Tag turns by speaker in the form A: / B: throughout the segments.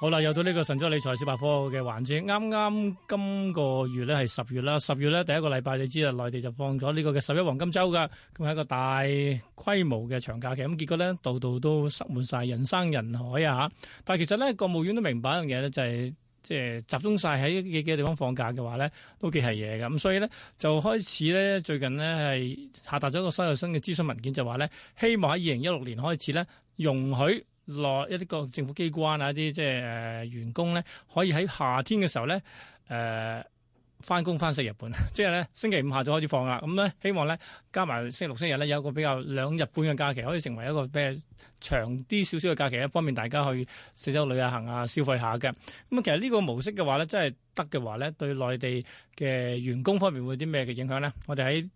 A: 好啦，又到呢個神州理財小百科嘅環節。啱啱今個月咧係十月啦，十月咧第一個禮拜，你知道內地就放咗呢個嘅十一黃金周噶，咁係一個大規模嘅長假期。咁結果咧度度都塞滿晒人山人海啊嚇！但係其實咧，國務院都明白一樣嘢咧，就係、是、即係集中晒喺幾個地方放假嘅話咧，都幾係嘢嘅。咁所以咧就開始咧最近呢係下達咗個收入新嘅諮詢文件，就話咧希望喺二零一六年開始咧容許。落一啲個政府機關啊，一啲即係員工咧，可以喺夏天嘅時候咧，誒翻工翻四日半，即係咧星期五下晝開始放啦。咁、嗯、咧希望咧加埋星期六、星期日咧有一個比較兩日半嘅假期，可以成為一個比較長啲少少嘅假期，方便大家去四周旅遊行啊，消費下嘅。咁、嗯、其實呢個模式嘅話咧，真係得嘅話咧，對內地嘅員工方面會有啲咩嘅影響咧？我哋喺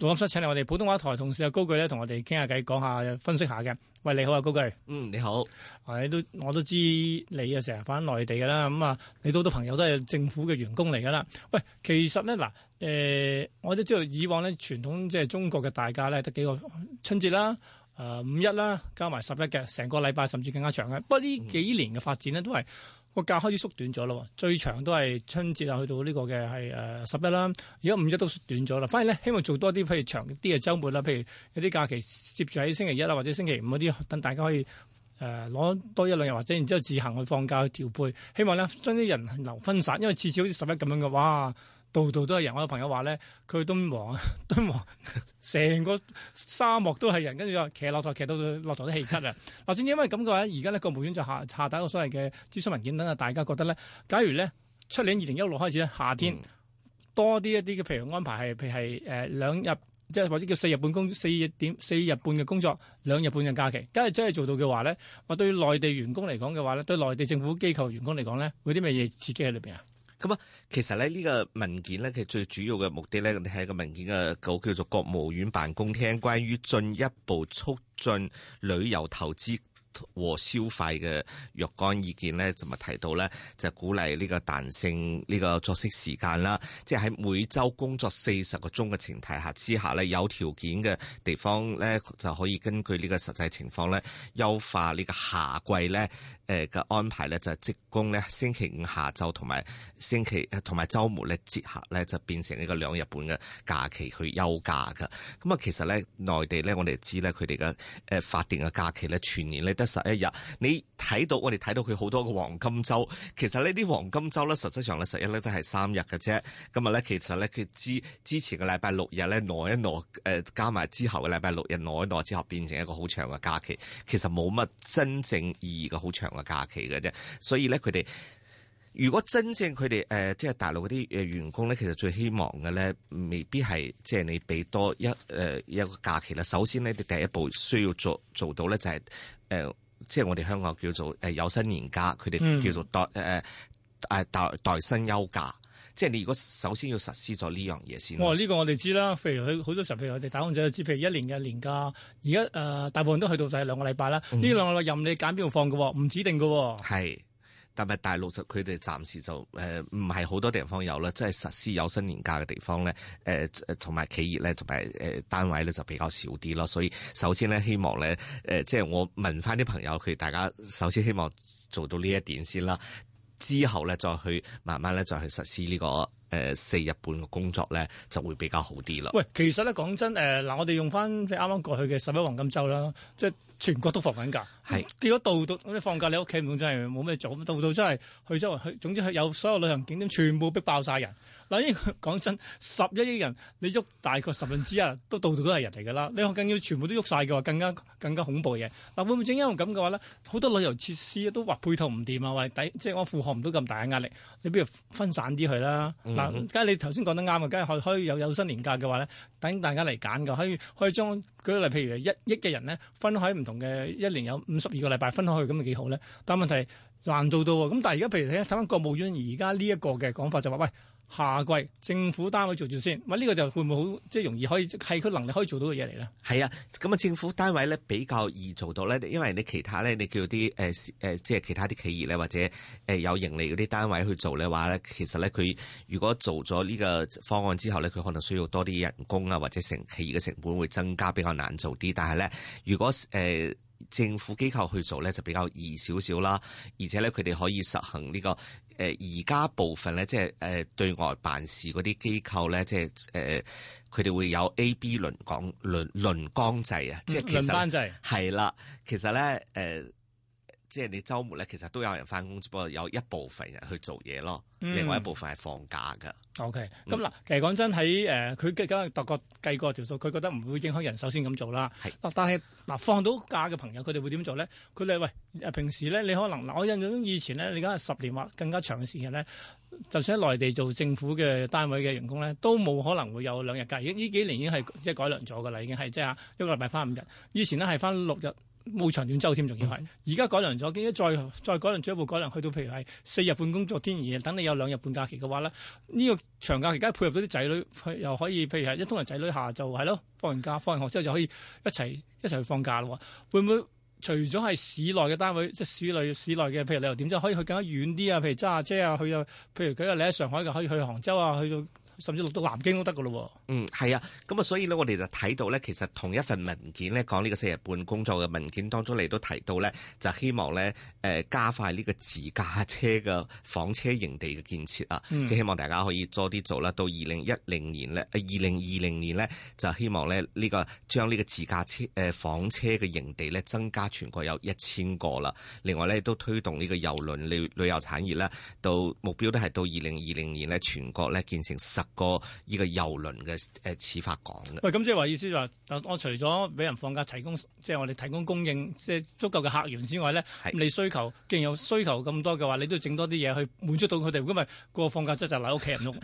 A: 錄音室請嚟我哋普通話台同事啊高炬咧，同我哋傾下偈，講下分析下嘅。喂，你好啊，高炬。嗯，你好。誒、啊，你都我都知你啊，成日翻內地噶啦。咁啊，你都好、嗯、多朋友都係政府嘅員工嚟噶啦。喂，其實咧嗱，誒、呃，我都知道以往咧傳統即係中國嘅大假咧得幾個春節啦，誒、呃、五一啦，加埋十一嘅成個禮拜，甚至更加長嘅。不過呢幾年嘅發展咧都係。嗯嗯個假開始縮短咗咯，最長都係春節啊，去到呢個嘅係誒十一啦。而家五一都縮短咗啦。反而咧，希望做多啲譬如長啲嘅週末啦，譬如有啲假期接住喺星期一啊或者星期五嗰啲，等大家可以誒攞、呃、多一兩日，或者然之後自行去放假去調配。希望咧將啲人流分散，因為次次好似十一咁樣嘅哇～度度都係人，我有朋友話咧，佢敦煌啊，敦煌成個沙漠都係人，跟住又騎駱駝，騎到駱駝都氣咳啊！嗱，正因為咁嘅話，而家呢國務院就下下達一個所謂嘅諮詢文件，等啊大家覺得咧，假如咧出年二零一六開始咧，夏天、嗯、多啲一啲嘅譬如安排係譬如係誒兩日，即係或者叫四日半工、四日四日半嘅工作，兩日半嘅假期，假如真係做到嘅話咧，話對內地員工嚟講嘅話咧，對內地政府機構員工嚟講咧，會啲咩嘢刺激喺裏邊啊？
B: 咁啊，其實咧呢個文件咧，其實最主要嘅目的咧，係一個文件嘅稿叫做《國務院辦公廳關於進一步促進旅遊投資和消費嘅若干意見》咧，就咪提到咧，就鼓勵呢個彈性呢個作息時間啦，即係喺每週工作四十個鐘嘅前提下之下咧，有條件嘅地方咧，就可以根據呢個實際情況咧，優化呢個夏季咧。誒嘅安排咧就係職工咧星期五下晝同埋星期同埋周末咧節假咧就變成呢個兩日半嘅假期去休假嘅。咁啊，其實咧內地咧我哋知咧佢哋嘅誒法定嘅假期咧全年咧得十一日。你睇到我哋睇到佢好多個黃金周，其實呢啲黃金周咧，實質上咧十一咧都係三日嘅啫。咁啊咧，其實咧佢之之前嘅禮拜六日咧挪一挪誒，加埋之後嘅禮拜六日挪一挪之後變成一個好長嘅假期，其實冇乜真正意義嘅好長。假期嘅啫，所以咧，佢哋如果真正佢哋誒，即係大陸啲誒員工咧，其實最希望嘅咧，未必係即係你俾多一誒一個假期啦。首先咧，你第一步需要做做到咧、就係呃，就係誒，即係我哋香港叫做誒有薪年假，佢哋、嗯、叫做、呃、帶誒誒帶帶薪休假。即係你如果首先要實施咗呢樣嘢先，我話
A: 呢個我哋知啦。譬如佢好多時候，譬如我哋打工仔就知，譬如一年嘅年假，而家誒大部
B: 分都去到曬兩個禮拜啦。呢、嗯、兩個禮拜任你揀邊度放嘅喎，唔指定嘅喎、哦。係，但係大陸就佢哋暫時就誒唔係好多地方有啦，即係實施有薪年假嘅地方咧，誒誒同埋企業咧同埋誒單位咧就比較少啲咯。所以首先咧，希望咧誒、呃，即係我問翻啲朋友，佢大家首先希望做到呢一點先啦。之後咧，再去慢慢咧，再去實施呢個。誒、呃，四日半嘅工作咧，就會比較好啲啦。喂，
A: 其實咧講真，誒、呃、嗱，我哋用翻即係啱啱過去嘅十一黃金周啦，即係全國都放緊假，係是。結果度度即係放假，你屋企唔通真係冇咩做，咁度度真係去周圍去，總之有所有旅行景點全部逼爆曬人。嗱，依講真，十一億人你喐大概十分之一，都度度都係人嚟噶啦。你更要全部都喐曬嘅話，更加更加恐怖嘅。嘢、嗯。嗱，會唔會正因為咁嘅話咧，好多旅遊設施都話配套唔掂啊，話、呃、抵、呃、即係我負荷唔到咁大嘅壓力。你不如分散啲去啦。啊！梗係你頭先講得啱啊！梗係可可以有有新年假嘅話咧，等大家嚟揀㗎，可以可以將舉例，譬如一億嘅人咧，分開唔同嘅一年有五十二個禮拜分開去，咁咪幾好咧？但問題難做到喎。咁但係而家譬如睇睇返國務院而家呢一個嘅講法，就話喂，下季政府單位做住先，唔、這、呢個就會唔會好即係容易可以係佢能力可以做到嘅嘢嚟咧？
B: 係啊，咁啊，政府單位咧比較易做到咧，因為你其他咧，你叫啲誒誒即係其他啲企業咧，或者誒有盈利嗰啲單位去做嘅話咧，其實咧佢如果做咗呢個方案之後咧，佢可能需要多啲人工啊，或者成企業嘅成本會增加，比較難做啲。但係咧，如果誒、呃、政府機構去做咧，就比較易少少啦，而且咧佢哋可以實行呢、這個。誒而家部分咧，即係誒、呃、對外辦事嗰啲機構咧、呃，即係誒佢哋會有 A、B 輪崗輪輪崗制啊，即係其實班制，係啦，其實咧誒。呃即係你週末咧，其實都有人翻工，不過有一部分人去做嘢咯，嗯、另外一部分係放假嘅。
A: O K，咁嗱，其實講真喺誒，佢而家特覺計過條數，佢覺得唔會影響人手先咁做啦。是但係嗱、呃、放到假嘅朋友，佢哋會點做咧？佢哋喂，平時咧你可能我印象中以前咧，你而家十年或更加長嘅時間咧，就算喺內地做政府嘅單位嘅員工咧，都冇可能會有兩日假。呢幾年已經係即係改良咗㗎啦，已經係即係一個禮拜翻五日，以前呢係翻六日。冇長短周添，仲要係而家改良咗，跟住再再改良咗，進一步改良，去到譬如係四日半工作天，而等你有兩日半假期嘅話咧，呢個長假期梗係配合到啲仔女，又可以譬如係一通埋仔女下晝係咯，放完假放完學之後就可以一齊一齊去放假咯。會唔會除咗係市內嘅單位，即係市內市內嘅，譬如旅遊點，即可以去更加遠啲啊？譬如揸下車啊，去到譬如佢話你喺上海嘅，可以去杭州啊，去到。甚至落到南京都得㗎喇
B: 喎。嗯，係啊，咁啊，所以咧，我哋就睇到咧，其實同一份文件咧，講呢個四日半工作嘅文件當中，你都提到咧，就希望咧，誒、呃、加快呢個自駕車嘅房車營地嘅建設啊，嗯、即係希望大家可以多啲做啦。到二零一零年咧，二零二零年咧，就希望咧、這、呢個將呢個自駕車誒、呃、房車嘅營地咧增加全國有一千個啦。另外咧都推動呢個郵輪旅旅遊產業啦，到目標都係到二零二零年咧，全國咧建成十。個呢個遊輪嘅誒始發港嘅。喂，咁即
A: 係話意思就話，我除咗俾人放假，提供即係我哋提供供應，即係足夠嘅客源之外咧，是你需求既然有需求咁多嘅話，你都要整多啲嘢去滿足到佢哋，如果唔係個放假真就留喺屋企唔喐。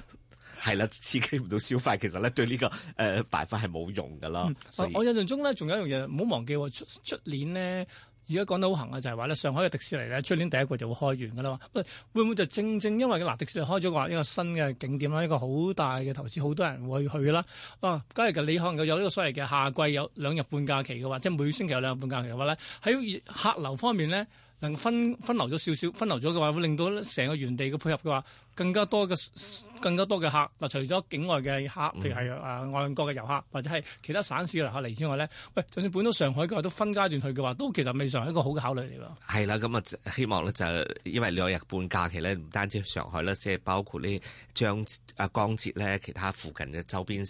B: 係啦，刺激唔到消費，其實咧對呢、這個誒辦法係冇用噶啦。嗯、
A: 以我印象中咧，仲有一樣嘢，唔好忘記，出出年呢。而家講得好行嘅就係話咧，上海嘅迪士尼咧，出年第一季就會開完㗎喇。喂，會唔會就正正因為嗱迪士尼開咗話一個新嘅景點啦，一個好大嘅投資，好多人會去啦。啊，假如你可能有呢個所謂嘅夏季有兩日半假期嘅話，即係每星期有兩日半假期嘅話咧，喺客流方面咧，能分分流咗少少，分流咗嘅話，會令到成個原地嘅配合嘅話，更加多嘅，更加多嘅客，嗱，除咗境外嘅客，譬如係啊外國嘅遊客，或者係其他省市嘅遊客嚟之外咧，喂、嗯，就算搬到上海都分階段去嘅話，都其實未算係一個好嘅考慮嚟㗎。
B: 係啦，咁啊希望咧就因為兩日半假期咧，唔單止上海啦，即係包括呢張啊江浙咧，其他附近嘅周邊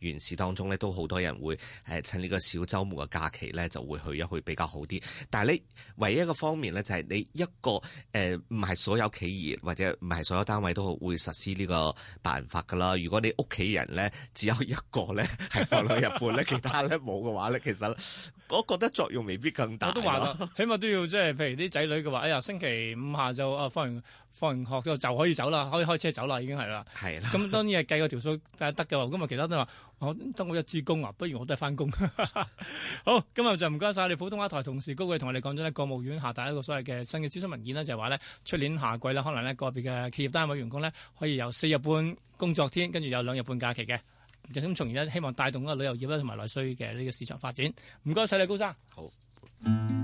B: 原縣市當中咧，都好多人會誒趁呢個小周末嘅假期咧，就會去一去比較好啲。但係你唯一一個方面咧，就係、是、你一個誒唔係所有企業或者唔係所有單位都會實施呢個辦法噶啦。如果你屋企人咧，只有一個咧係放兩日半，咧， 其他咧冇嘅話咧，其實我覺得作用未必更大。我都話啦，
A: 起碼都要即係，譬如啲仔女嘅話，哎呀，星期五下晝啊，放完。放完學就可以走啦，可以開車走啦，已經係啦。係啦的。咁當然係計個條數，睇下得嘅話，咁啊其他都話，我、哦、得我一資工啊，不如我都係翻工。 好，今日就唔該晒。我哋普通話台同事高炬同我哋講咗呢國務院下達一個所謂嘅新嘅諮詢文件、就是、呢，就係話呢出年夏季呢，可能呢個別嘅企業單位員工呢，可以由四日半工作天，跟住有兩日半假期嘅。咁從而呢，希望帶動嗰個旅遊業咧同埋內需嘅呢個市場發展。唔該晒，你高生。好。